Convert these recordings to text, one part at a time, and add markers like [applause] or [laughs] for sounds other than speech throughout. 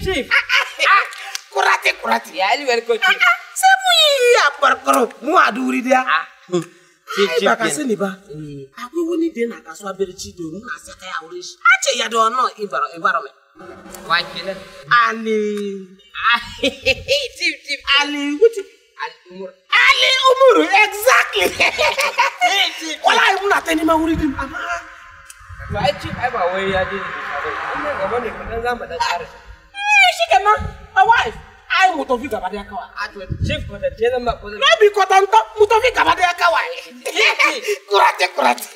chief. kurate kurate. Ya ali bari ko chief. Sai mu yi a kwarkwaro mu a duri da. Ai ba ka sani ba. Akwai wani da yana kasuwa birci domin a saka ya wurin shi. A ce ya da wannan environment. Wa kenan. Ali. Chief chief. Ali wuti. Ali umuru. Ali umuru exactly. Wallahi muna ta neman wuri din amma. Ba ai chief ai ba wai ya je ne. Ina gaba ne kadan zamu dan tsara she my wife. I mutofi gabadia kawa. Atwe chief kwa tena mbapo. Na bi kwa tanto mutofi gabadia kawa. Kurate kurate.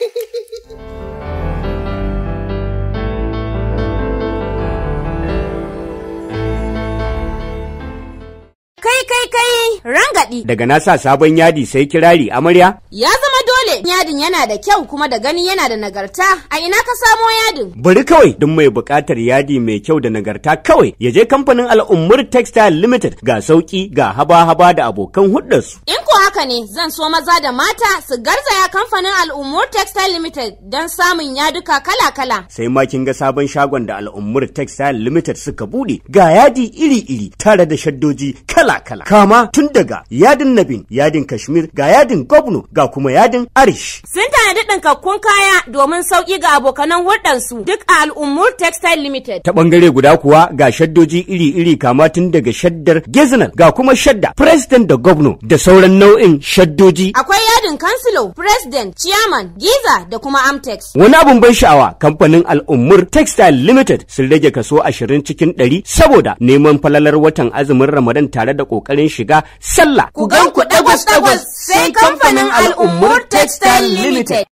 Kai kai kai rangadi. Daga nasa sabon yadi sai kirari amarya. Ya zama dole yadin yana da kyau kuma da gani yana da nagarta. A ina ka samo yadin? Bari kawai duk mai buƙatar yadi mai kyau da nagarta kawai ya je kamfanin Al'ummar Textile Limited ga sauki ga haba-haba da abokan hudarsu. In ko haka ne zan so maza da mata su garzaya kamfanin Al'ummar Textile Limited don samun yaduka kala-kala. Sai ma kin ga sabon shagon da Al'ummar Textile Limited suka buɗe ga yadi iri-iri tare da shaddoji kala-kala. Kama tun tun daga yadin nabin yadin kashmir ga yadin gwabno ga kuma yadin arish sun tanadi ɗinkakkun kaya domin sauƙi ga abokanan hulɗarsu duk a al'ummur textile limited ta ɓangare guda kuwa ga shaddoji iri-iri kama tun daga shaddar gezinal ga kuma shadda president da gwabno da sauran nau'in shaddoji akwai dukkan kansilo, president, chairman, giza da kuma amtex. Wani abun ban sha'awa kamfanin al'ummur textile limited sun rage kaso ashirin cikin ɗari saboda neman falalar watan azumin ramadan tare da kokarin shiga sallah. Ku gan ku ɗagos ɗagwas sai kamfanin al'ummur textile limited.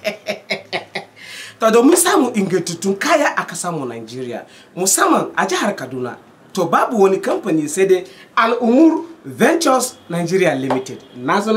[laughs] to domin samun ingantattun kaya aka samu Najeriya musamman a jihar Kaduna to babu wani kamfani sai dai al'umur Ventures Nigeria Limited. Na zo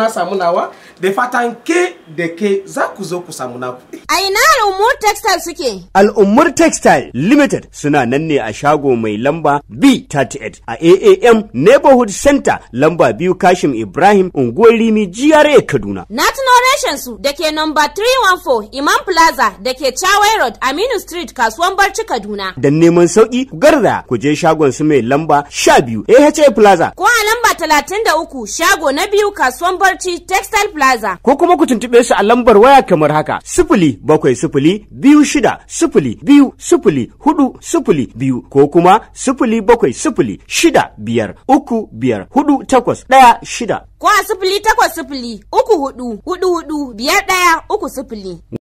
the fatan ke da ke za ku zo ku samu naku. A ina al'ummar textile suke? Al'ummar limited suna nan ne a shago mai lamba B38 a AAM Neighborhood Center lamba biyu Kashim Ibrahim Ungolimi GRA Kaduna. Na tuno the su da ke number 314 Imam Plaza da ke Chawai Road Aminu Street kasuwan Barci Kaduna. Da neman sauki garza ku Sume shagon su mai lamba biyu AHA Plaza. Ko a lamba talatin da uku shago na biyu kasuwan barci textile plaza. Ko kuma ku tuntuɓe su a lambar waya kamar haka sifili bakwai sifili biyu shida sifili biyu sifili hudu sifili biyu ko kuma sifili bakwai sifili shida biyar uku biyar hudu takwas ɗaya shida. Ko a sifili takwas sifili uku hudu hudu hudu biyar ɗaya uku sifili.